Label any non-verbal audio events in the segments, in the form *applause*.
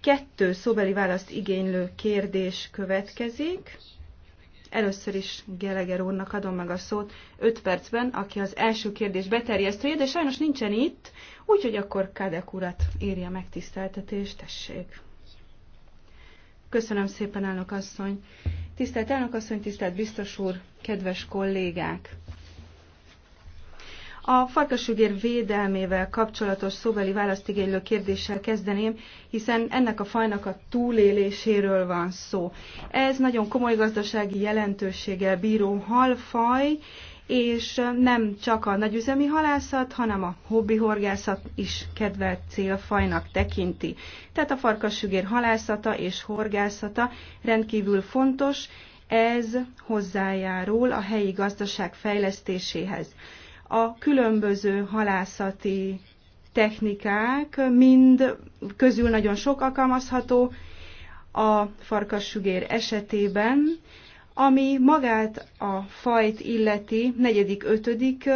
Kettő szóbeli választ igénylő kérdés következik. Először is Geleger úrnak adom meg a szót 5 percben, aki az első kérdés beterjesztője, de sajnos nincsen itt, úgyhogy akkor Kádek urat érje megtiszteltetést, tessék. Köszönöm szépen, elnök asszony. Tisztelt elnök asszony, tisztelt biztos úr, kedves kollégák! A farkasugér védelmével kapcsolatos szóbeli választigénylő kérdéssel kezdeném, hiszen ennek a fajnak a túléléséről van szó. Ez nagyon komoly gazdasági jelentőséggel bíró halfaj, és nem csak a nagyüzemi halászat, hanem a hobbi horgászat is kedvelt célfajnak tekinti. Tehát a farkasugér halászata és horgászata rendkívül fontos, ez hozzájárul a helyi gazdaság fejlesztéséhez a különböző halászati technikák mind közül nagyon sok alkalmazható a farkassugér esetében, ami magát a fajt illeti negyedik, ötödik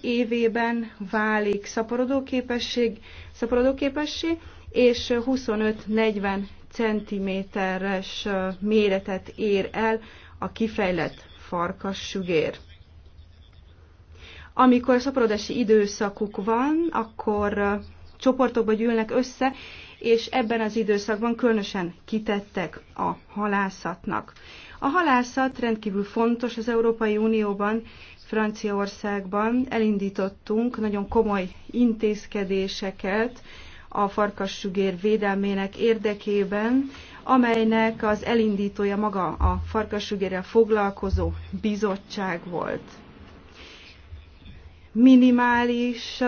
évében válik szaporodóképesség, szaporodóképessé, és 25-40 cm-es méretet ér el a kifejlett farkassugér. Amikor szaporodási időszakuk van, akkor csoportokba gyűlnek össze, és ebben az időszakban különösen kitettek a halászatnak. A halászat rendkívül fontos az Európai Unióban, Franciaországban elindítottunk nagyon komoly intézkedéseket a farkassugér védelmének érdekében, amelynek az elindítója maga a farkassugérrel foglalkozó bizottság volt minimális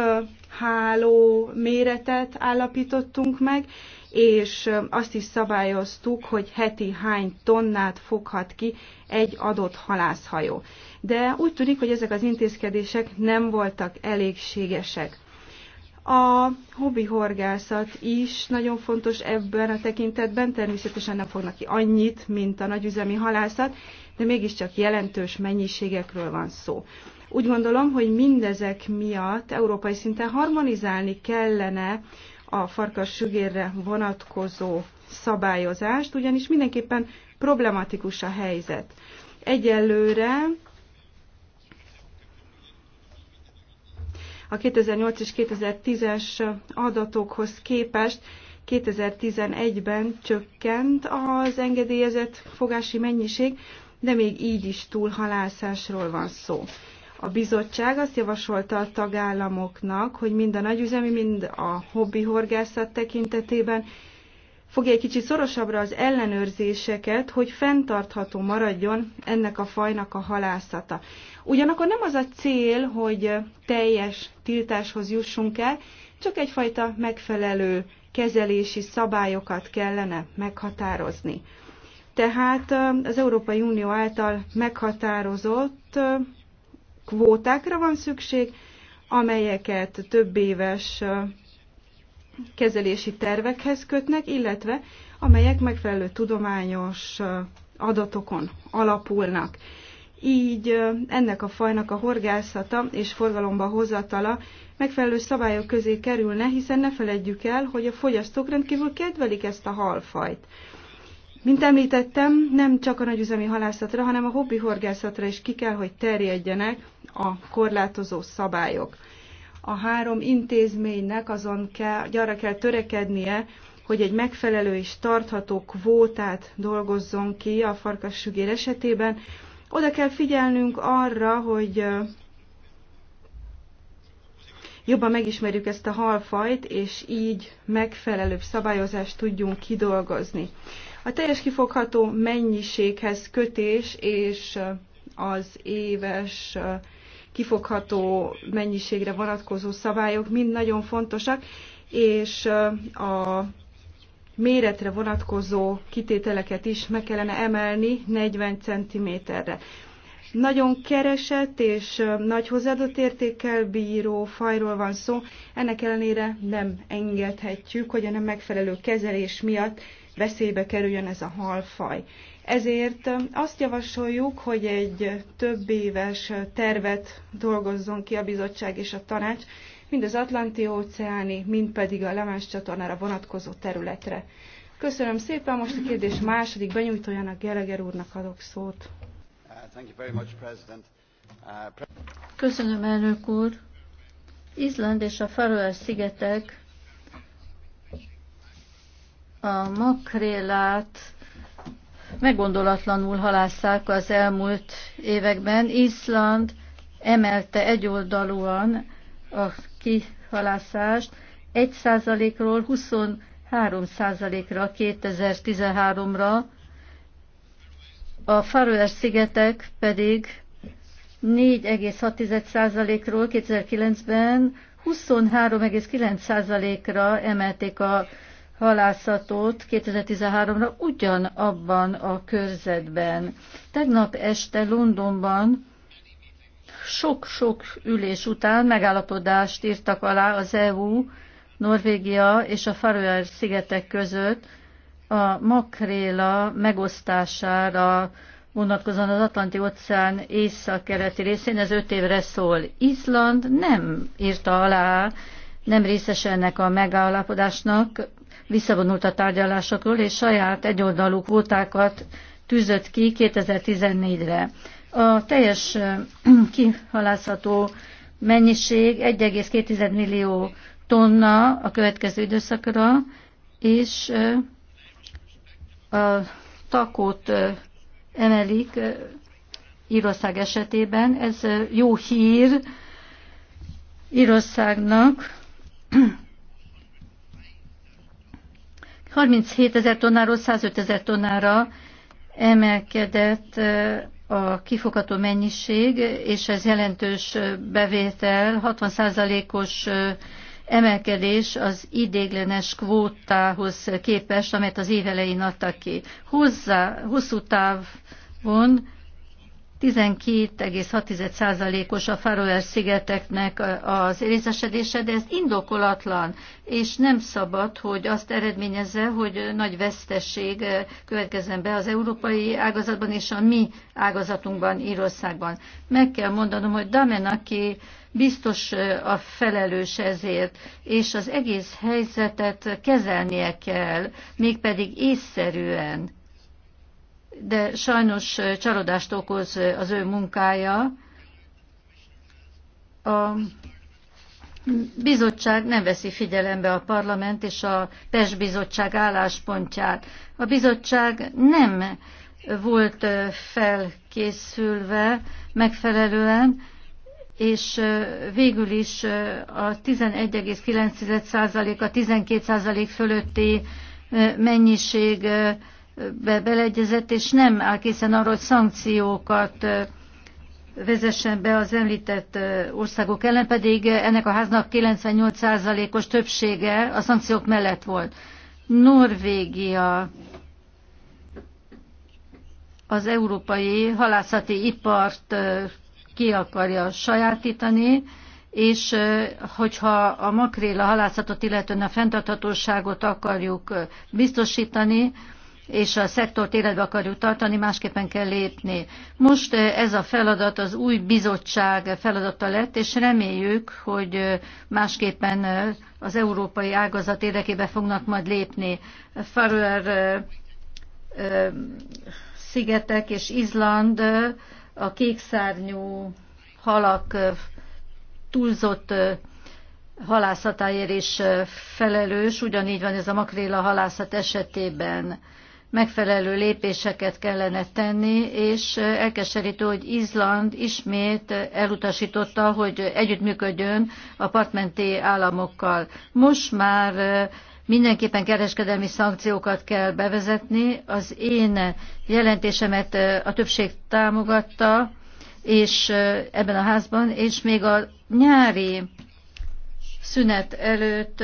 háló méretet állapítottunk meg, és azt is szabályoztuk, hogy heti hány tonnát foghat ki egy adott halászhajó. De úgy tűnik, hogy ezek az intézkedések nem voltak elégségesek. A hobbi horgászat is nagyon fontos ebben a tekintetben, természetesen nem fognak ki annyit, mint a nagyüzemi halászat, de mégiscsak jelentős mennyiségekről van szó. Úgy gondolom, hogy mindezek miatt európai szinten harmonizálni kellene a farkas sügérre vonatkozó szabályozást, ugyanis mindenképpen problematikus a helyzet. Egyelőre a 2008 és 2010-es adatokhoz képest 2011-ben csökkent az engedélyezett fogási mennyiség, de még így is túlhalászásról van szó. A bizottság azt javasolta a tagállamoknak, hogy mind a nagyüzemi, mind a hobbi horgászat tekintetében fogja egy kicsit szorosabbra az ellenőrzéseket, hogy fenntartható maradjon ennek a fajnak a halászata. Ugyanakkor nem az a cél, hogy teljes tiltáshoz jussunk el, csak egyfajta megfelelő kezelési szabályokat kellene meghatározni. Tehát az Európai Unió által meghatározott kvótákra van szükség, amelyeket több éves kezelési tervekhez kötnek, illetve amelyek megfelelő tudományos adatokon alapulnak. Így ennek a fajnak a horgászata és forgalomba hozatala megfelelő szabályok közé kerülne, hiszen ne feledjük el, hogy a fogyasztók rendkívül kedvelik ezt a halfajt. Mint említettem, nem csak a nagyüzemi halászatra, hanem a hobbi horgászatra is ki kell, hogy terjedjenek a korlátozó szabályok. A három intézménynek azon kell, arra kell törekednie, hogy egy megfelelő és tartható kvótát dolgozzon ki a farkassugér esetében. Oda kell figyelnünk arra, hogy jobban megismerjük ezt a halfajt, és így megfelelőbb szabályozást tudjunk kidolgozni. A teljes kifogható mennyiséghez kötés és az éves kifogható mennyiségre vonatkozó szabályok mind nagyon fontosak, és a méretre vonatkozó kitételeket is meg kellene emelni 40 cm-re. Nagyon keresett és nagy hozzáadott értékkel bíró fajról van szó, ennek ellenére nem engedhetjük, hogy a nem megfelelő kezelés miatt veszélybe kerüljön ez a halfaj. Ezért azt javasoljuk, hogy egy több éves tervet dolgozzon ki a bizottság és a tanács, mind az Atlanti-óceáni, mind pedig a Lemás csatornára vonatkozó területre. Köszönöm szépen, most a kérdés második benyújtójának Geleger úrnak adok szót. Köszönöm, elnök úr. Izland és a Faroe szigetek a makrélát meggondolatlanul halásszák az elmúlt években. Izland emelte egyoldalúan a kihalászást 1%-ról 23%-ra 2013-ra, a Faroe-szigetek pedig 4,6%-ról 2009-ben 23,9%-ra emelték a halászatot 2013-ra ugyanabban a körzetben. Tegnap este Londonban sok-sok ülés után megállapodást írtak alá az EU, Norvégia és a Faroe szigetek között a makréla megosztására vonatkozóan az Atlanti óceán északkeleti részén, ez öt évre szól. Izland nem írta alá, nem részes ennek a megállapodásnak, visszavonult a tárgyalásokról, és saját egyoldalú kvótákat tűzött ki 2014-re. A teljes *clears throat* kihalászható mennyiség 1,2 millió tonna a következő időszakra, és a takót emelik Írország esetében. Ez jó hír Írországnak, 37 ezer tonnáról 105 ezer tonnára emelkedett a kifogató mennyiség, és ez jelentős bevétel, 60%-os emelkedés az idéglenes kvótához képest, amelyet az évelején adtak ki. Hozzá, hosszú távon 12,6%-os a Faroer szigeteknek az részesedése, de ez indokolatlan, és nem szabad, hogy azt eredményezze, hogy nagy vesztesség eh, következzen be az európai ágazatban és a mi ágazatunkban, Írországban. Meg kell mondanom, hogy Damen, aki biztos eh, a felelős ezért, és az egész helyzetet kezelnie kell, mégpedig észszerűen de sajnos csalódást okoz az ő munkája. A bizottság nem veszi figyelembe a parlament és a PES bizottság álláspontját. A bizottság nem volt felkészülve megfelelően, és végül is a 11,9% a 12% fölötti mennyiség be beleegyezett, és nem áll készen arra, hogy szankciókat vezessen be az említett országok ellen, pedig ennek a háznak 98%-os többsége a szankciók mellett volt. Norvégia az európai halászati ipart ki akarja sajátítani, és hogyha a makréla halászatot, illetően a fenntarthatóságot akarjuk biztosítani, és a szektort életbe akarjuk tartani, másképpen kell lépni. Most eh, ez a feladat az új bizottság feladata lett, és reméljük, hogy eh, másképpen eh, az európai ágazat érdekébe fognak majd lépni. Faroer szigetek és Izland a kékszárnyú halak túlzott halászatáért is felelős, ugyanígy van ez a makréla halászat esetében megfelelő lépéseket kellene tenni, és elkeserítő, hogy Izland ismét elutasította, hogy együttműködjön a partmenti államokkal. Most már mindenképpen kereskedelmi szankciókat kell bevezetni. Az én jelentésemet a többség támogatta, és ebben a házban, és még a nyári szünet előtt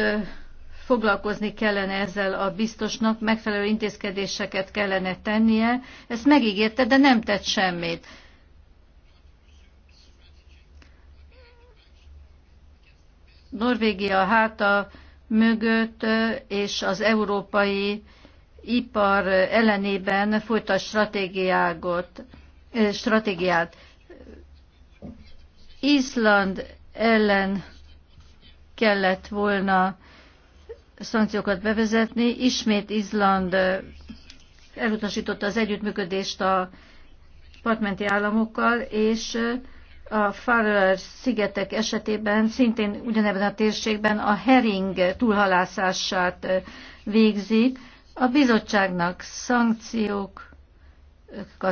foglalkozni kellene ezzel a biztosnak, megfelelő intézkedéseket kellene tennie. Ezt megígérte, de nem tett semmit. Norvégia háta mögött és az európai ipar ellenében folytat stratégiát. stratégiát. Izland ellen kellett volna szankciókat bevezetni. Ismét Izland elutasította az együttműködést a partmenti államokkal, és a Farrer szigetek esetében szintén ugyanebben a térségben a hering túlhalászását végzi A bizottságnak szankciókat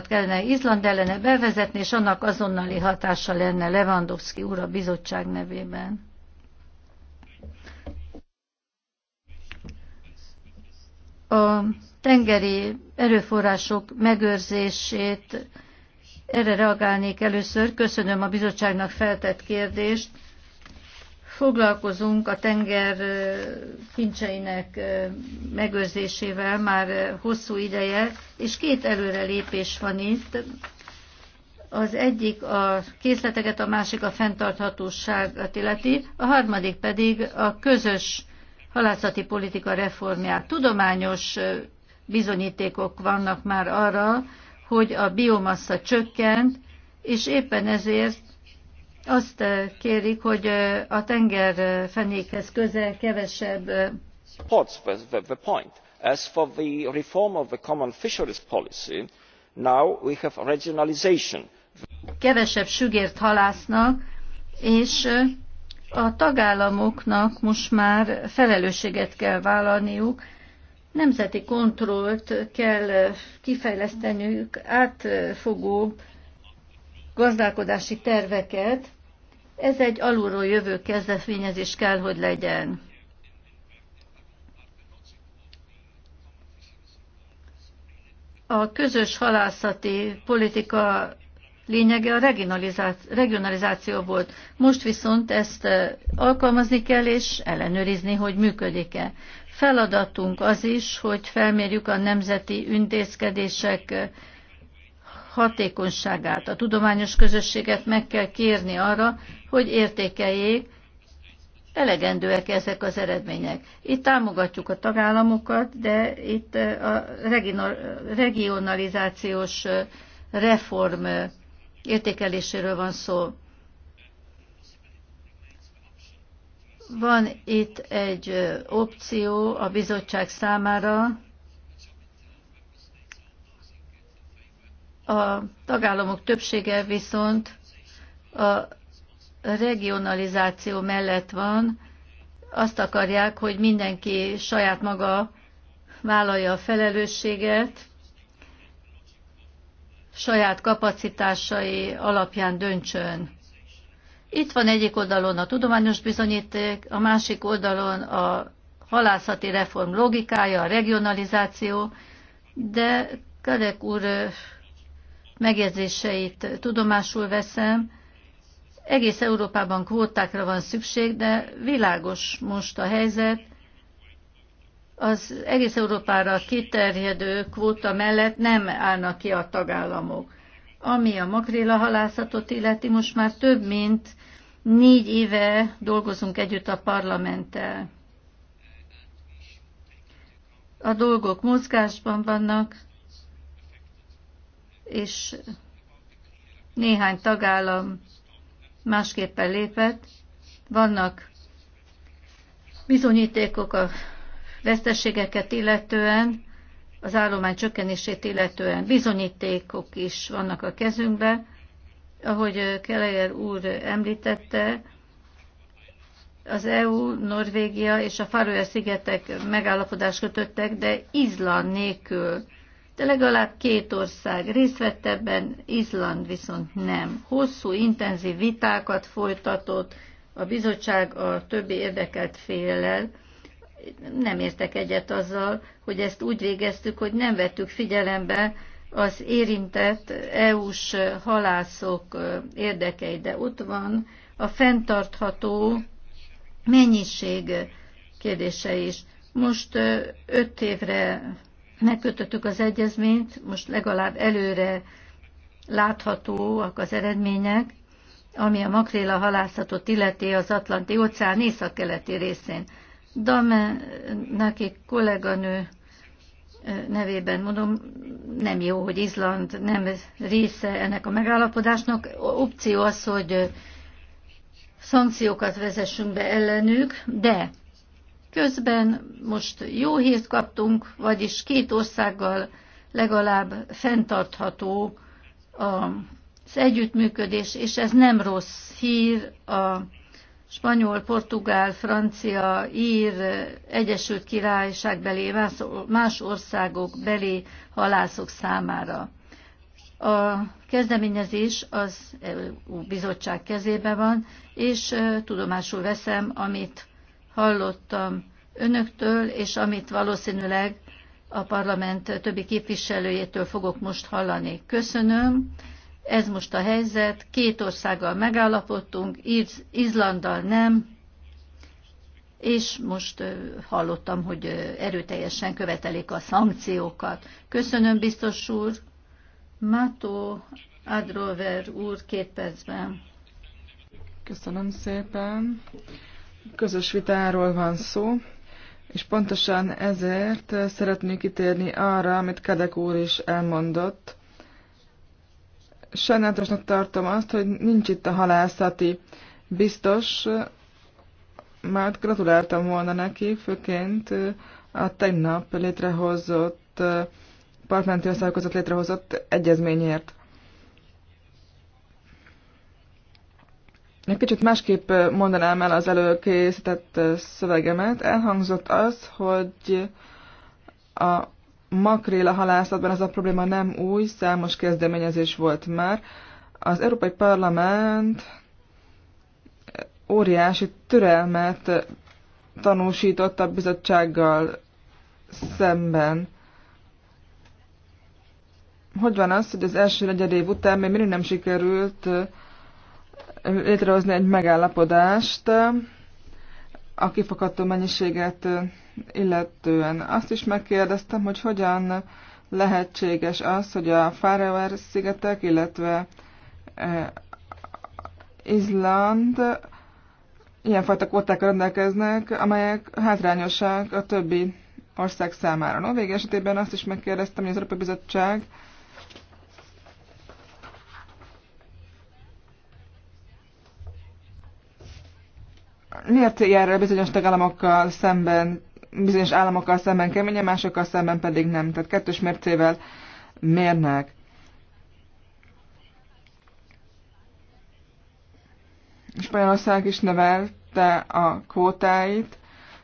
kellene Izland ellene bevezetni, és annak azonnali hatása lenne Lewandowski úr a bizottság nevében. a tengeri erőforrások megőrzését erre reagálnék először. Köszönöm a bizottságnak feltett kérdést. Foglalkozunk a tenger kincseinek megőrzésével már hosszú ideje, és két előrelépés van itt. Az egyik a készleteket, a másik a fenntarthatóságot illeti, a harmadik pedig a közös halászati politika reformját. Tudományos bizonyítékok vannak már arra, hogy a biomassa csökkent, és éppen ezért azt kérik, hogy a tengerfenékhez közel kevesebb as for the reform of the common fisheries policy now we have regionalisation. kevesebb sügért halásznak és a tagállamoknak most már felelősséget kell vállalniuk, nemzeti kontrollt kell kifejleszteniük, átfogó gazdálkodási terveket. Ez egy alulról jövő kezdeményezés kell, hogy legyen. A közös halászati politika lényege a regionalizáció volt. Most viszont ezt alkalmazni kell, és ellenőrizni, hogy működik-e. Feladatunk az is, hogy felmérjük a nemzeti intézkedések hatékonyságát. A tudományos közösséget meg kell kérni arra, hogy értékeljék, elegendőek ezek az eredmények. Itt támogatjuk a tagállamokat, de itt a regionalizációs reform értékeléséről van szó. Van itt egy opció a bizottság számára, a tagállamok többsége viszont a regionalizáció mellett van, azt akarják, hogy mindenki saját maga vállalja a felelősséget, saját kapacitásai alapján döntsön. Itt van egyik oldalon a tudományos bizonyíték, a másik oldalon a halászati reform logikája, a regionalizáció, de Kadek úr megjegyzéseit tudomásul veszem. Egész Európában kvótákra van szükség, de világos most a helyzet, az egész Európára kiterjedő kvóta mellett nem állnak ki a tagállamok. Ami a makréla halászatot illeti, most már több mint négy éve dolgozunk együtt a parlamenttel. A dolgok mozgásban vannak, és néhány tagállam másképpen lépett. Vannak bizonyítékok a veszteségeket illetően, az állomány csökkenését illetően bizonyítékok is vannak a kezünkben. Ahogy Kelejer úr említette, az EU, Norvégia és a Faroe szigetek megállapodást kötöttek, de Izland nélkül. De legalább két ország részt vett ebben, Izland viszont nem. Hosszú, intenzív vitákat folytatott a bizottság a többi érdekelt féllel, nem értek egyet azzal, hogy ezt úgy végeztük, hogy nem vettük figyelembe az érintett EU-s halászok érdekeit, de ott van a fenntartható mennyiség kérdése is. Most öt évre megkötöttük az egyezményt, most legalább előre láthatóak az eredmények, ami a makréla halászatot illeti az Atlanti óceán északkeleti részén. Dame, neki kolléganő nevében mondom, nem jó, hogy Izland nem része ennek a megállapodásnak. Opció az, hogy szankciókat vezessünk be ellenük, de közben most jó hírt kaptunk, vagyis két országgal legalább fenntartható az együttműködés, és ez nem rossz hír a spanyol, portugál, francia, ír, Egyesült Királyság belé, más országok belé halászok számára. A kezdeményezés az EU bizottság kezébe van, és tudomásul veszem, amit hallottam önöktől, és amit valószínűleg a parlament többi képviselőjétől fogok most hallani. Köszönöm. Ez most a helyzet, két országgal megállapodtunk, Izlanddal nem, és most hallottam, hogy erőteljesen követelik a szankciókat. Köszönöm, biztos úr. Mato Adrover úr, két percben. Köszönöm szépen. Közös vitáról van szó, és pontosan ezért szeretnék kitérni arra, amit Kadek úr is elmondott, Sajnálatosnak tartom azt, hogy nincs itt a halászati biztos, már gratuláltam volna neki, főként a tegnap létrehozott, partmenti országok létrehozott egyezményért. Egy kicsit másképp mondanám el az előkészített szövegemet. Elhangzott az, hogy a makréla halászatban ez a probléma nem új, számos kezdeményezés volt már. Az Európai Parlament óriási türelmet tanúsított a bizottsággal szemben. Hogy van az, hogy az első negyed év után még mindig nem sikerült létrehozni egy megállapodást a kifakadt mennyiséget illetően. Azt is megkérdeztem, hogy hogyan lehetséges az, hogy a Fáraver szigetek, illetve Izland ilyenfajta kvótákkal rendelkeznek, amelyek hátrányosak a többi ország számára. végül esetében azt is megkérdeztem, hogy az Európai Bizottság miért jár el bizonyos tagállamokkal szemben, bizonyos államokkal szemben keményen, másokkal szemben pedig nem? Tehát kettős mércével mérnek. Spanyolország is nevelte a kvótáit,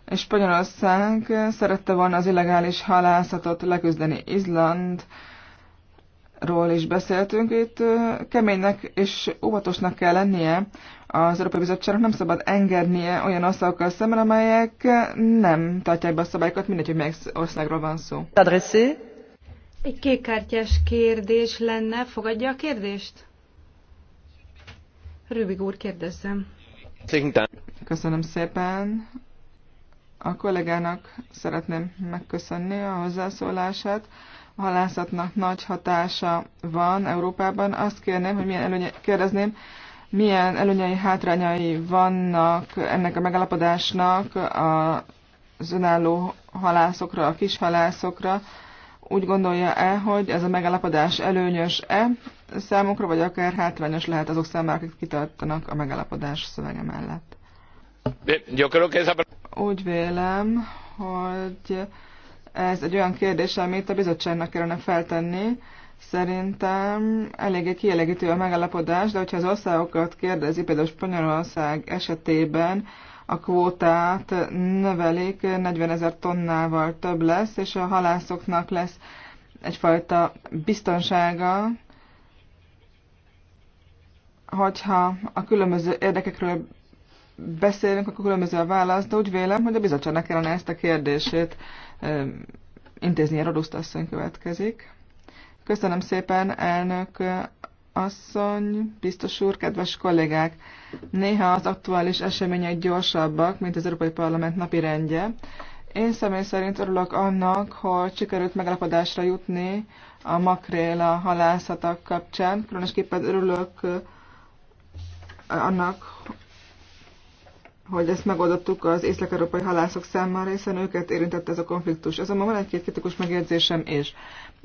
és Spanyolország szerette volna az illegális halászatot leküzdeni. Izland, ról is beszéltünk, itt keménynek és óvatosnak kell lennie az Európai Bizottságnak, nem szabad engednie olyan országokkal szemben, amelyek nem tartják be a szabályokat, mindegy, hogy melyik országról van szó. Adresszé? Egy kékkártyás kérdés lenne, fogadja a kérdést? Rübig úr, kérdezzem. Köszönöm szépen. A kollégának szeretném megköszönni a hozzászólását halászatnak nagy hatása van Európában. Azt kérném, hogy milyen előnye, kérdezném, milyen előnyei, hátrányai vannak ennek a megalapodásnak az önálló halászokra, a kis halászokra. Úgy gondolja-e, hogy ez a megalapodás előnyös-e számukra, vagy akár hátrányos lehet azok számára, akik kitartanak a megalapodás szövege mellett? Úgy vélem, hogy ez egy olyan kérdés, amit a bizottságnak kellene feltenni. Szerintem eléggé kielégítő a megállapodás, de hogyha az országokat kérdezi, például Spanyolország esetében a kvótát növelik, 40 ezer tonnával több lesz, és a halászoknak lesz egyfajta biztonsága, hogyha a különböző érdekekről beszélünk, akkor különböző a válasz, de úgy vélem, hogy a bizottságnak kellene ezt a kérdését a Roduszt asszony következik. Köszönöm szépen, elnök asszony, biztos úr, kedves kollégák! Néha az aktuális események gyorsabbak, mint az Európai Parlament napi rendje. Én személy szerint örülök annak, hogy sikerült megalapodásra jutni a makréla halászatak kapcsán. Különösképpen örülök annak, hogy ezt megoldottuk az észak-európai halászok számára, hiszen őket érintett ez a konfliktus. Azonban van egy-két kritikus megjegyzésem is.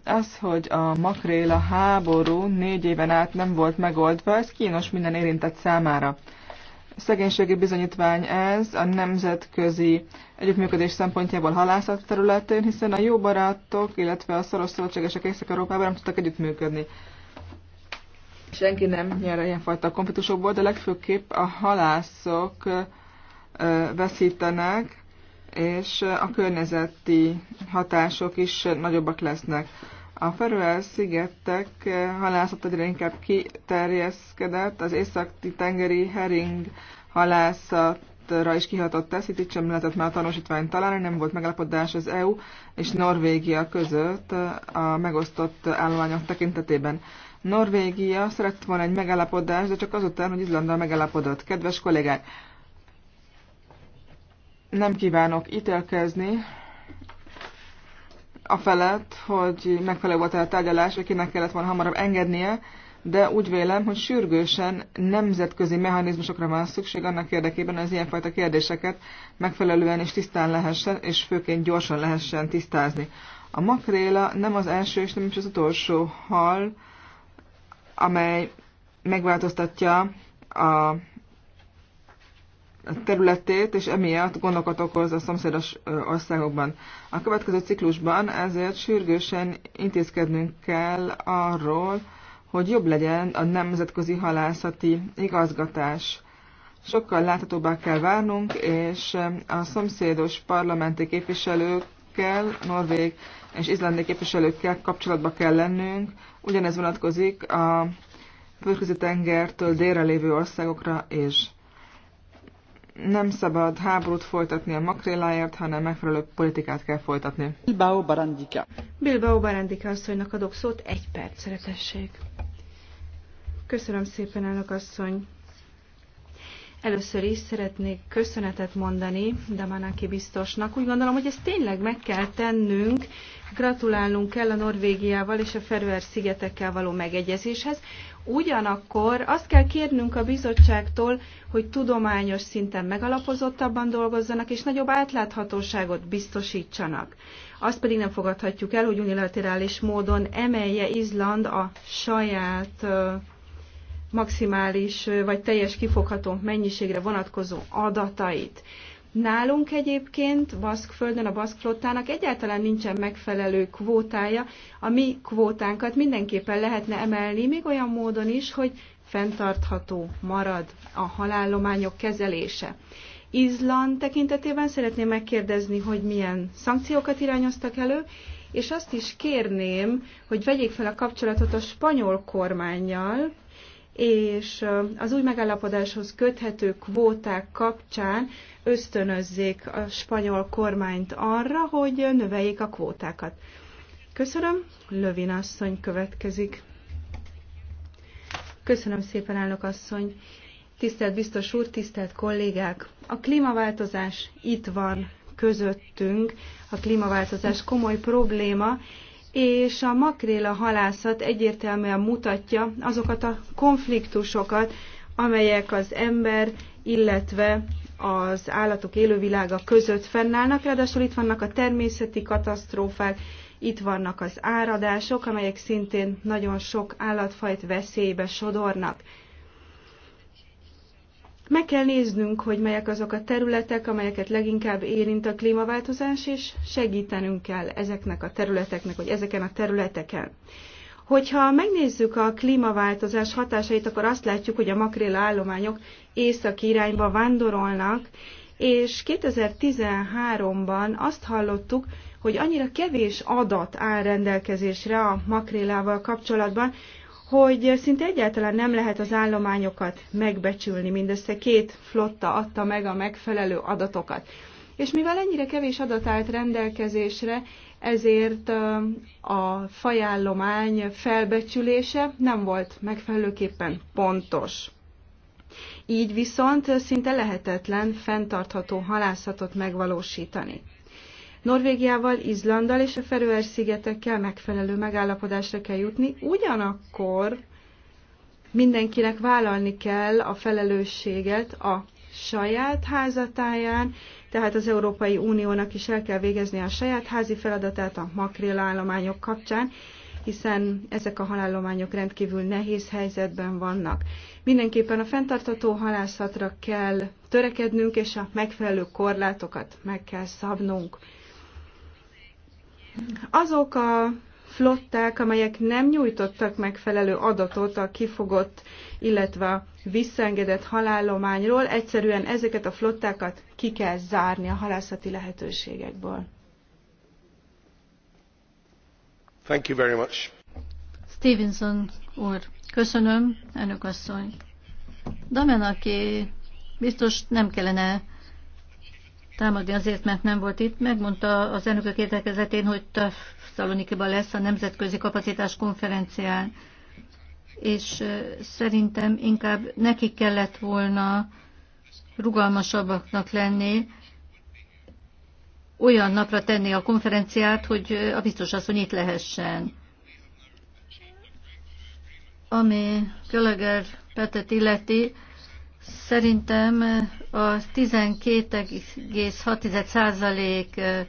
Az, hogy a makréla háború négy éven át nem volt megoldva, ez kínos minden érintett számára. Szegénységi bizonyítvány ez a nemzetközi együttműködés szempontjából halászat területén, hiszen a jó barátok, illetve a szoros szövetségesek Észak-Európában nem tudtak együttműködni. Senki nem nyer ilyenfajta konfliktusokból, de legfőképp a halászok veszítenek, és a környezeti hatások is nagyobbak lesznek. A Feröel szigetek halászat egyre inkább kiterjeszkedett, az északi tengeri hering halászatra is kihatott tesz, itt, sem lehetett már a tanúsítvány találni, nem volt megállapodás az EU és Norvégia között a megosztott állományok tekintetében. Norvégia szeretett volna egy megállapodás, de csak azután, hogy Izlanda megállapodott. Kedves kollégák, nem kívánok ítélkezni, a felett, hogy megfelelő volt a tárgyalás, vagy kinek kellett volna hamarabb engednie, de úgy vélem, hogy sürgősen nemzetközi mechanizmusokra van szükség annak érdekében, hogy az ilyenfajta kérdéseket megfelelően és tisztán lehessen, és főként gyorsan lehessen tisztázni. A makréla nem az első és nem is az utolsó hal, amely megváltoztatja a területét, és emiatt gondokat okoz a szomszédos országokban. A következő ciklusban ezért sürgősen intézkednünk kell arról, hogy jobb legyen a nemzetközi halászati igazgatás. Sokkal láthatóbbá kell várnunk, és a szomszédos parlamenti képviselőkkel, norvég és izlandi képviselőkkel kapcsolatba kell lennünk. Ugyanez vonatkozik a földközi tengertől délre lévő országokra és nem szabad háborút folytatni a makréláért, hanem megfelelő politikát kell folytatni. Bilbao Barandika. Bilbao Barandika asszonynak adok szót, egy percre tessék. Köszönöm szépen, elnök asszony. Először is szeretnék köszönetet mondani Damanaki biztosnak. Úgy gondolom, hogy ezt tényleg meg kell tennünk. Gratulálnunk kell a Norvégiával és a Ferver szigetekkel való megegyezéshez, Ugyanakkor azt kell kérnünk a bizottságtól, hogy tudományos szinten megalapozottabban dolgozzanak, és nagyobb átláthatóságot biztosítsanak. Azt pedig nem fogadhatjuk el, hogy unilaterális módon emelje Izland a saját maximális vagy teljes kifogható mennyiségre vonatkozó adatait. Nálunk egyébként Baszkföldön a Baszkflottának egyáltalán nincsen megfelelő kvótája. A mi kvótánkat mindenképpen lehetne emelni, még olyan módon is, hogy fenntartható marad a halállományok kezelése. Izland tekintetében szeretném megkérdezni, hogy milyen szankciókat irányoztak elő, és azt is kérném, hogy vegyék fel a kapcsolatot a spanyol kormányjal, és az új megállapodáshoz köthető kvóták kapcsán ösztönözzék a spanyol kormányt arra, hogy növeljék a kvótákat. Köszönöm, Lövin asszony következik. Köszönöm szépen, elnök asszony. Tisztelt biztos úr, tisztelt kollégák! A klímaváltozás itt van közöttünk, a klímaváltozás komoly probléma, és a makréla halászat egyértelműen mutatja azokat a konfliktusokat, amelyek az ember, illetve az állatok élővilága között fennállnak, ráadásul itt vannak a természeti katasztrófák, itt vannak az áradások, amelyek szintén nagyon sok állatfajt veszélybe sodornak. Meg kell néznünk, hogy melyek azok a területek, amelyeket leginkább érint a klímaváltozás, és segítenünk kell ezeknek a területeknek, vagy ezeken a területeken. Hogyha megnézzük a klímaváltozás hatásait, akkor azt látjuk, hogy a makréla állományok északi irányba vándorolnak, és 2013-ban azt hallottuk, hogy annyira kevés adat áll rendelkezésre a makrélával kapcsolatban, hogy szinte egyáltalán nem lehet az állományokat megbecsülni, mindössze két flotta adta meg a megfelelő adatokat. És mivel ennyire kevés adat állt rendelkezésre, ezért a fajállomány felbecsülése nem volt megfelelőképpen pontos. Így viszont szinte lehetetlen fenntartható halászatot megvalósítani. Norvégiával, Izlanddal és a Feröer-szigetekkel megfelelő megállapodásra kell jutni, ugyanakkor mindenkinek vállalni kell a felelősséget a saját házatáján, tehát az Európai Uniónak is el kell végezni a saját házi feladatát a állományok kapcsán, hiszen ezek a halállományok rendkívül nehéz helyzetben vannak. Mindenképpen a fenntartató halászatra kell törekednünk, és a megfelelő korlátokat meg kell szabnunk. Azok a flották, amelyek nem nyújtottak megfelelő adatot a kifogott, illetve a visszaengedett halállományról, egyszerűen ezeket a flottákat ki kell zárni a halászati lehetőségekből. Thank you very much. Stevenson úr, köszönöm, elnök asszony. Damenaki biztos nem kellene támadni azért, mert nem volt itt. Megmondta az elnökök értekezetén, hogy Szalonikiban lesz a nemzetközi kapacitás konferencián, és szerintem inkább neki kellett volna rugalmasabbaknak lenni, olyan napra tenni a konferenciát, hogy a biztos az, hogy itt lehessen. Ami Kölöger Petet illeti, Szerintem a 12,6%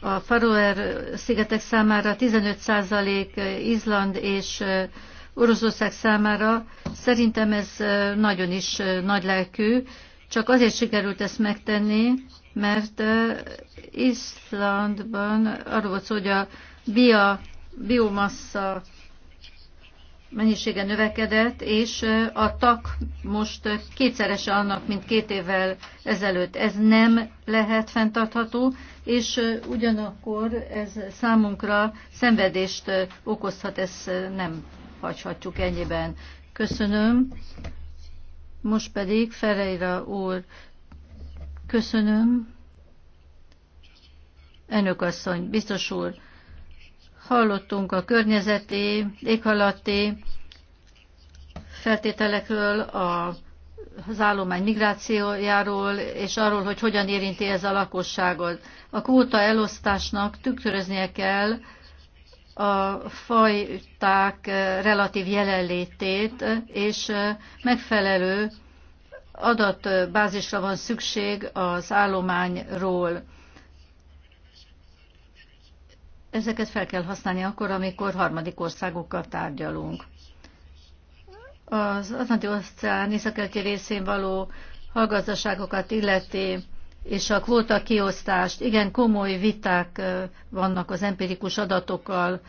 a Faroer szigetek számára, 15% Izland és Oroszország számára. Szerintem ez nagyon is lelkű, csak azért sikerült ezt megtenni, mert Izlandban arról volt szó, hogy a bia, biomassa mennyisége növekedett, és a tak most kétszerese annak, mint két évvel ezelőtt. Ez nem lehet fenntartható, és ugyanakkor ez számunkra szenvedést okozhat, ezt nem hagyhatjuk ennyiben. Köszönöm. Most pedig Ferreira úr, köszönöm. Önök asszony, biztos úr, Hallottunk a környezeti, éghajlati feltételekről, a az állomány migrációjáról, és arról, hogy hogyan érinti ez a lakosságot. A kóta elosztásnak tükröznie kell a fajták relatív jelenlétét, és megfelelő adatbázisra van szükség az állományról. Ezeket fel kell használni akkor, amikor harmadik országokkal tárgyalunk. Az Atlanti-óceán északkeleti részén való hallgazdaságokat illeti, és a kvóta kiosztást, igen komoly viták vannak az empirikus adatokkal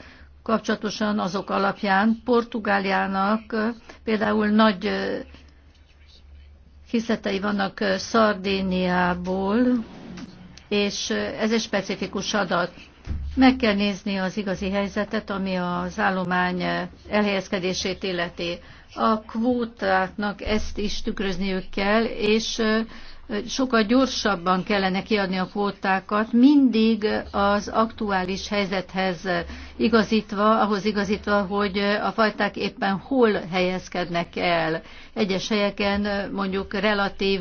kapcsolatosan azok alapján. Portugáliának például nagy hiszetei vannak Szardéniából, és ez egy specifikus adat. Meg kell nézni az igazi helyzetet, ami az állomány elhelyezkedését illeti. A kvótáknak ezt is tükrözniük kell, és sokkal gyorsabban kellene kiadni a kvótákat, mindig az aktuális helyzethez igazítva, ahhoz igazítva, hogy a fajták éppen hol helyezkednek el. Egyes helyeken mondjuk relatív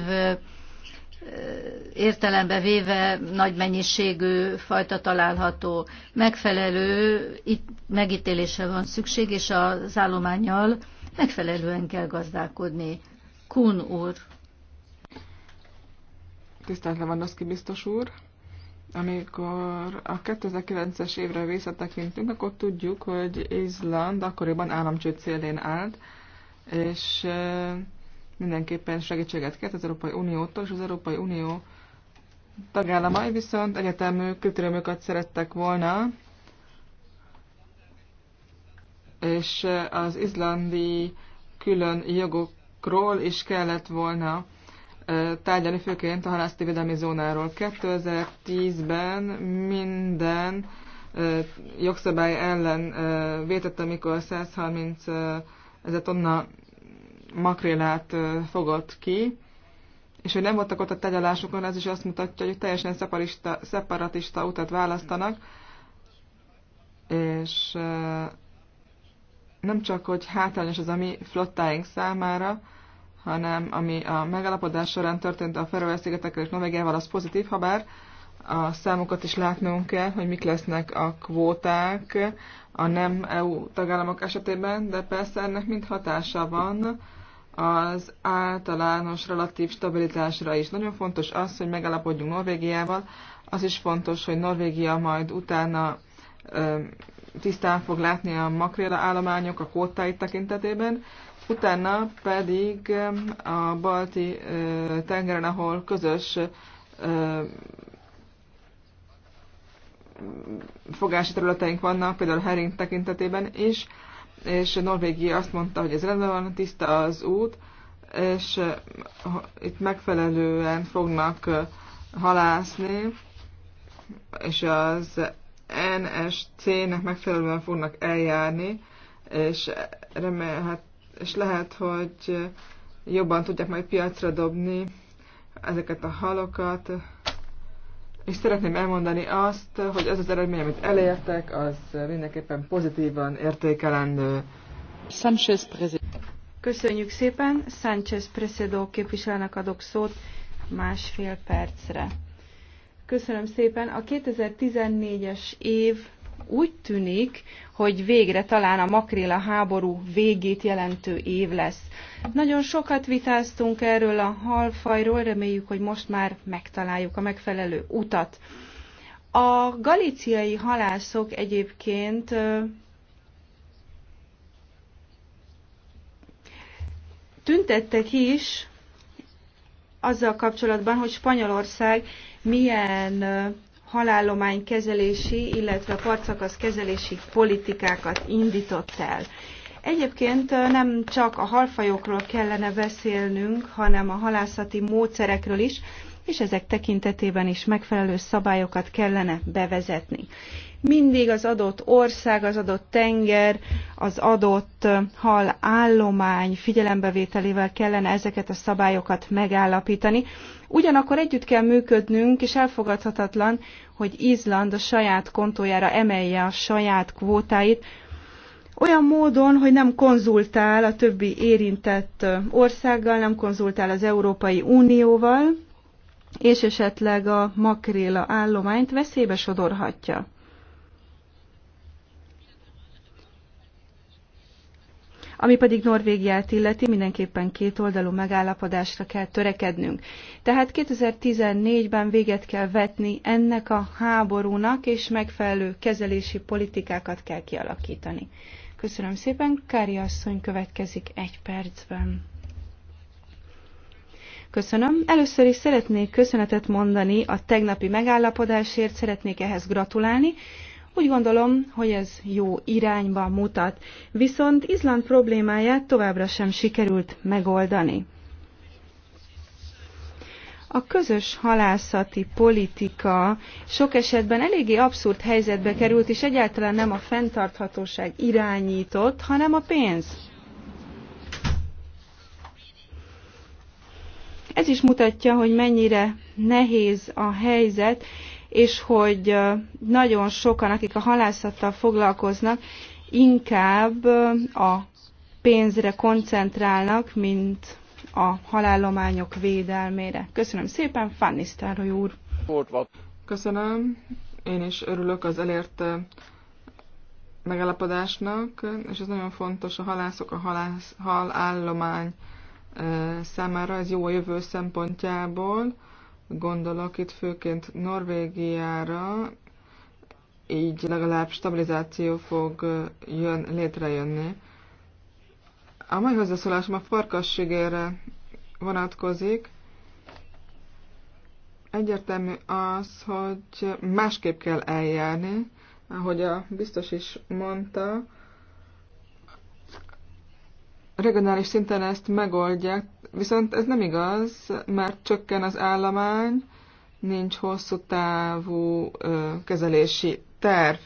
értelembe véve nagy mennyiségű fajta található. Megfelelő itt megítélése van szükség, és az állományjal megfelelően kell gazdálkodni. Kun úr. Tisztelt Lewandowski biztos úr, amikor a 2009-es évre visszatekintünk, akkor tudjuk, hogy Izland akkoriban államcső célén állt, és mindenképpen segítséget kért az Európai Uniótól, és az Európai Unió tagállamai viszont egyetemű kritériumokat szerettek volna, és az izlandi külön jogokról is kellett volna tárgyalni, főként a halászti védelmi zónáról. 2010-ben minden jogszabály ellen vétett, amikor 130 ezer tonna makrélát fogott ki, és hogy nem voltak ott a tegyelásokon, ez is azt mutatja, hogy teljesen szeparista, szeparatista utat választanak, és nem csak, hogy hátrányos az a mi flottáink számára, hanem ami a megalapodás során történt a Feröer-szigetekkel és Norvégiával, az pozitív, ha bár a számokat is látnunk kell, hogy mik lesznek a kvóták a nem EU tagállamok esetében, de persze ennek mind hatása van az általános relatív stabilitásra is. Nagyon fontos az, hogy megalapodjunk Norvégiával, az is fontos, hogy Norvégia majd utána ö, tisztán fog látni a makréla állományok a kótáit tekintetében, utána pedig a balti ö, tengeren, ahol közös ö, fogási területeink vannak, például hering tekintetében is, és Norvégia azt mondta, hogy ez rendben van, tiszta az út, és itt megfelelően fognak halászni, és az NSC-nek megfelelően fognak eljárni, és remélhet, és lehet, hogy jobban tudják majd piacra dobni ezeket a halokat, és szeretném elmondani azt, hogy az az eredmény, amit elértek, az mindenképpen pozitívan értékelendő. Sánchez Köszönjük szépen. Sánchez Presedo képviselőnek adok szót másfél percre. Köszönöm szépen. A 2014-es év úgy tűnik, hogy végre talán a makrila háború végét jelentő év lesz. Nagyon sokat vitáztunk erről a halfajról, reméljük, hogy most már megtaláljuk a megfelelő utat. A galiciai halászok egyébként tüntettek is azzal kapcsolatban, hogy Spanyolország milyen halállomány kezelési, illetve partszakasz kezelési politikákat indított el. Egyébként nem csak a halfajokról kellene beszélnünk, hanem a halászati módszerekről is, és ezek tekintetében is megfelelő szabályokat kellene bevezetni mindig az adott ország, az adott tenger, az adott hal állomány figyelembevételével kellene ezeket a szabályokat megállapítani. Ugyanakkor együtt kell működnünk, és elfogadhatatlan, hogy Izland a saját kontójára emelje a saját kvótáit, olyan módon, hogy nem konzultál a többi érintett országgal, nem konzultál az Európai Unióval, és esetleg a makréla állományt veszélybe sodorhatja. Ami pedig Norvégiát illeti, mindenképpen kétoldalú megállapodásra kell törekednünk. Tehát 2014-ben véget kell vetni ennek a háborúnak, és megfelelő kezelési politikákat kell kialakítani. Köszönöm szépen, Kári asszony következik egy percben. Köszönöm. Először is szeretnék köszönetet mondani a tegnapi megállapodásért, szeretnék ehhez gratulálni, úgy gondolom, hogy ez jó irányba mutat, viszont Izland problémáját továbbra sem sikerült megoldani. A közös halászati politika sok esetben eléggé abszurd helyzetbe került, és egyáltalán nem a fenntarthatóság irányított, hanem a pénz. Ez is mutatja, hogy mennyire nehéz a helyzet, és hogy nagyon sokan, akik a halászattal foglalkoznak, inkább a pénzre koncentrálnak, mint a halállományok védelmére. Köszönöm szépen, Fanny Sztároly úr! Köszönöm, én is örülök az elért megállapodásnak, és ez nagyon fontos a halászok, a halász, halállomány számára, ez jó a jövő szempontjából gondolok itt főként Norvégiára, így legalább stabilizáció fog jön, létrejönni. A mai hozzászólásom a farkasségére vonatkozik. Egyértelmű az, hogy másképp kell eljárni, ahogy a biztos is mondta, regionális szinten ezt megoldják, viszont ez nem igaz, mert csökken az állomány, nincs hosszú távú ö, kezelési terv,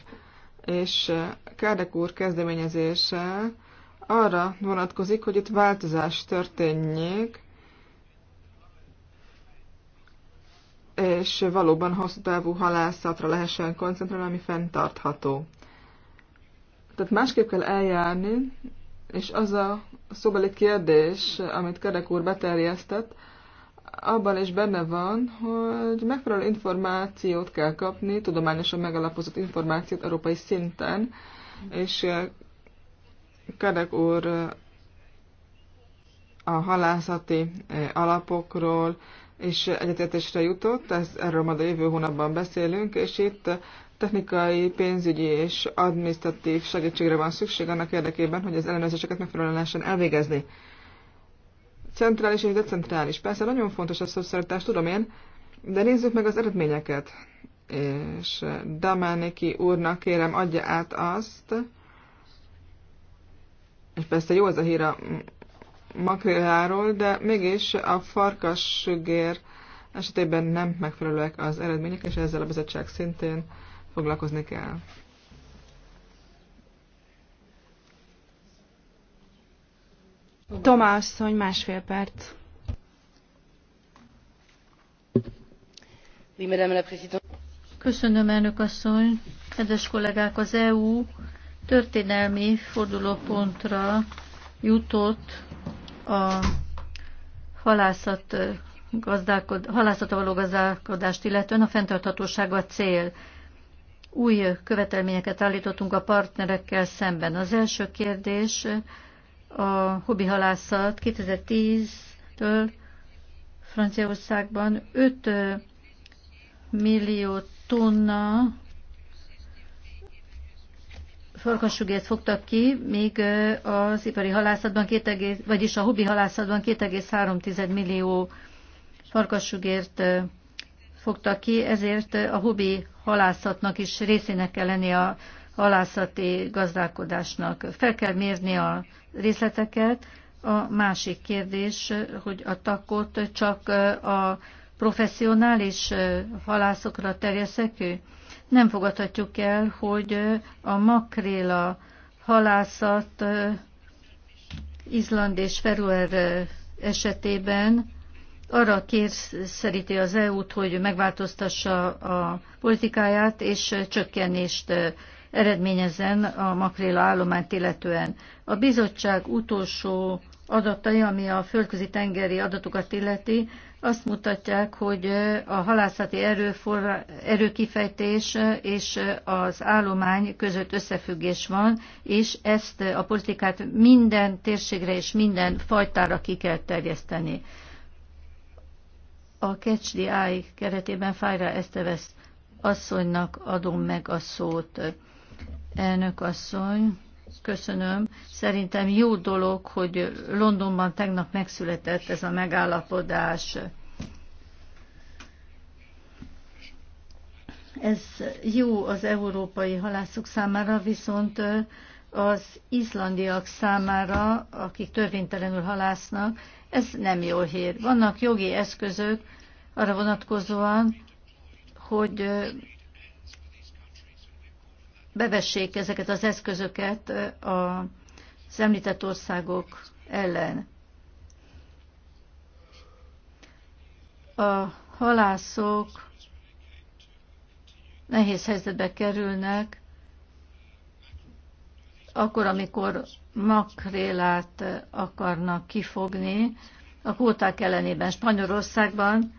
és Kárdek úr kezdeményezése arra vonatkozik, hogy itt változás történjék, és valóban hosszú távú halászatra lehessen koncentrálni, ami fenntartható. Tehát másképp kell eljárni, és az a szóbeli kérdés, amit Kerek úr beterjesztett, abban is benne van, hogy megfelelő információt kell kapni, tudományosan megalapozott információt európai szinten, és eh, Kerek úr eh, a halászati eh, alapokról és egyetértésre jutott, ez, erről majd a jövő hónapban beszélünk, és itt technikai, pénzügyi és adminisztratív segítségre van szükség annak érdekében, hogy az ellenőrzéseket megfelelően lehessen elvégezni. Centrális és decentrális. Persze nagyon fontos a szubszeretás, tudom én, de nézzük meg az eredményeket. És Damániki úrnak kérem, adja át azt, és persze jó az a hír a makréláról, de mégis a farkas sügér esetében nem megfelelőek az eredmények, és ezzel a bizottság szintén foglalkozni kell. Tomás, hogy másfél perc. Köszönöm, elnök asszony. Kedves kollégák, az EU történelmi fordulópontra jutott a halászat gazdálkod, halászata való gazdálkodást illetően a fenntarthatóság a cél új követelményeket állítottunk a partnerekkel szemben. Az első kérdés a hobi halászat 2010-től Franciaországban 5 millió tonna farkasugét fogtak ki, míg az ipari halászatban, 2, vagyis a hobi halászatban 2,3 millió farkasugért fogta ki, ezért a hobi halászatnak is részének kell lenni a halászati gazdálkodásnak. Fel kell mérni a részleteket. A másik kérdés, hogy a takot csak a professzionális halászokra terjeszek ő? Nem fogadhatjuk el, hogy a makréla halászat Izland és Feruer esetében arra kérszeríti az EU-t, hogy megváltoztassa a politikáját, és csökkenést eredményezzen a makréla állományt illetően. A bizottság utolsó adatai, ami a földközi tengeri adatokat illeti, azt mutatják, hogy a halászati erőforra, erőkifejtés és az állomány között összefüggés van, és ezt a politikát minden térségre és minden fajtára ki kell terjeszteni. A KCDI keretében Fájra Esztevesz asszonynak adom meg a szót. Elnök asszony, köszönöm. Szerintem jó dolog, hogy Londonban tegnap megszületett ez a megállapodás. Ez jó az európai halászok számára, viszont az izlandiak számára, akik törvénytelenül halásznak, ez nem jó hír. Vannak jogi eszközök arra vonatkozóan, hogy bevessék ezeket az eszközöket az említett országok ellen. A halászok nehéz helyzetbe kerülnek, akkor, amikor makrélát akarnak kifogni, a kóták ellenében Spanyolországban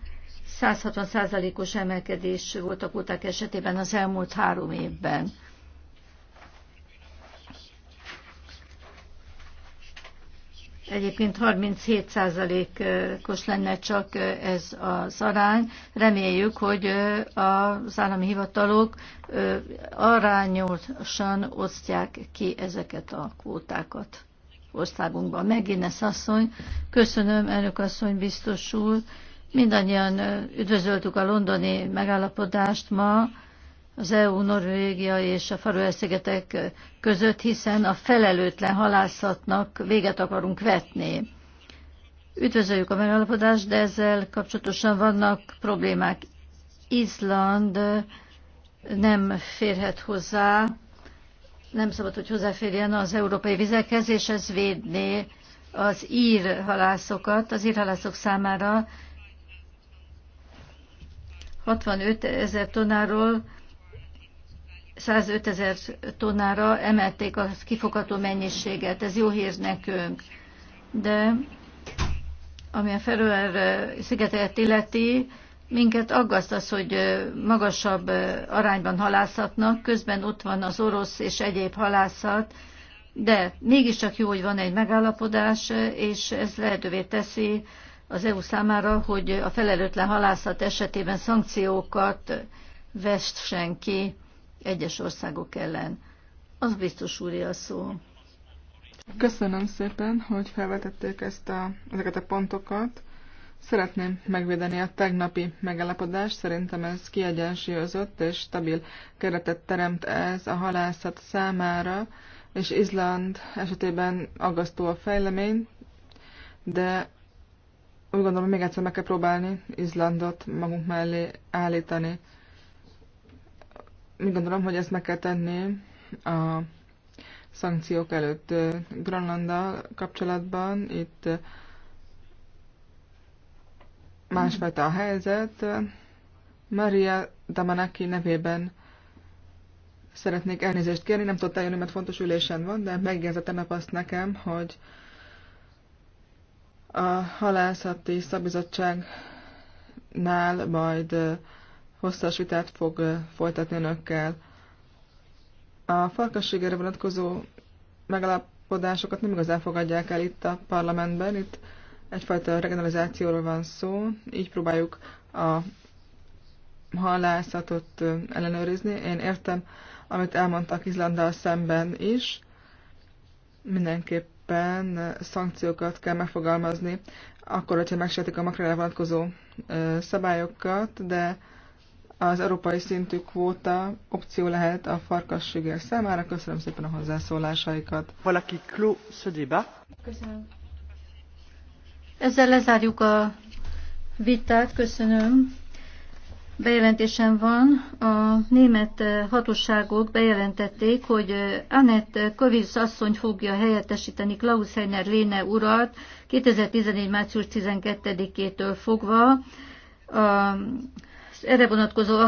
160%-os emelkedés volt a kóták esetében az elmúlt három évben. Egyébként 37%-os lenne csak ez az arány. Reméljük, hogy az állami hivatalok arányosan osztják ki ezeket a kvótákat országunkban. ez asszony, köszönöm, elnök asszony, biztos úr. Mindannyian üdvözöltük a londoni megállapodást ma, az EU, Norvégia és a Faroe-szigetek között, hiszen a felelőtlen halászatnak véget akarunk vetni. Üdvözöljük a megállapodást, de ezzel kapcsolatosan vannak problémák. Izland nem férhet hozzá, nem szabad, hogy hozzáférjen az európai vizekhez, és ez védné az ír halászokat, az ír halászok számára 65 ezer tonnáról 105 ezer tonnára emelték a kifogható mennyiséget. Ez jó hír nekünk. De ami a Feröer szigetet illeti, minket aggaszt az, hogy magasabb arányban halászatnak, közben ott van az orosz és egyéb halászat, de mégiscsak jó, hogy van egy megállapodás, és ez lehetővé teszi az EU számára, hogy a felelőtlen halászat esetében szankciókat vessen ki egyes országok ellen. Az biztos úri a szó. Köszönöm szépen, hogy felvetették ezt a, ezeket a pontokat. Szeretném megvédeni a tegnapi megállapodást, szerintem ez kiegyensúlyozott és stabil keretet teremt ez a halászat számára, és Izland esetében aggasztó a fejlemény, de úgy gondolom, még egyszer meg kell próbálni Izlandot magunk mellé állítani. Mi gondolom, hogy ezt meg kell tenni a szankciók előtt. Grönlanddal kapcsolatban itt másfajta a helyzet. Maria Damanaki nevében szeretnék elnézést kérni, nem tudott jönni, mert fontos ülésen van, de megjegyzetem azt nekem, hogy a halászati szabizottságnál majd hosszas vitát fog folytatni önökkel. A farkasségére vonatkozó megalapodásokat nem igazán fogadják el itt a parlamentben, itt egyfajta regionalizációról van szó, így próbáljuk a halászatot ellenőrizni. Én értem, amit elmondtak Izlandal szemben is, mindenképpen szankciókat kell megfogalmazni, akkor, hogyha megsértik a makrele vonatkozó szabályokat, de az európai szintű kvóta opció lehet a farkasségek számára. Köszönöm szépen a hozzászólásaikat. Valaki clôt szödébe. Köszönöm. Ezzel lezárjuk a vitát. Köszönöm. Bejelentésem van, a német hatóságok bejelentették, hogy Anett Kovics asszony fogja helyettesíteni Klaus Heiner Léne urat 2014. március 12-től fogva. A erre vonatkozó